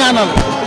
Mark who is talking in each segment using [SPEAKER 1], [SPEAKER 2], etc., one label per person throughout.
[SPEAKER 1] ñaanal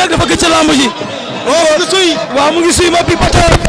[SPEAKER 1] nag dafa gëcc lamb ji. waaw oh, mu ngi suy. waaw mu ma bi ba tey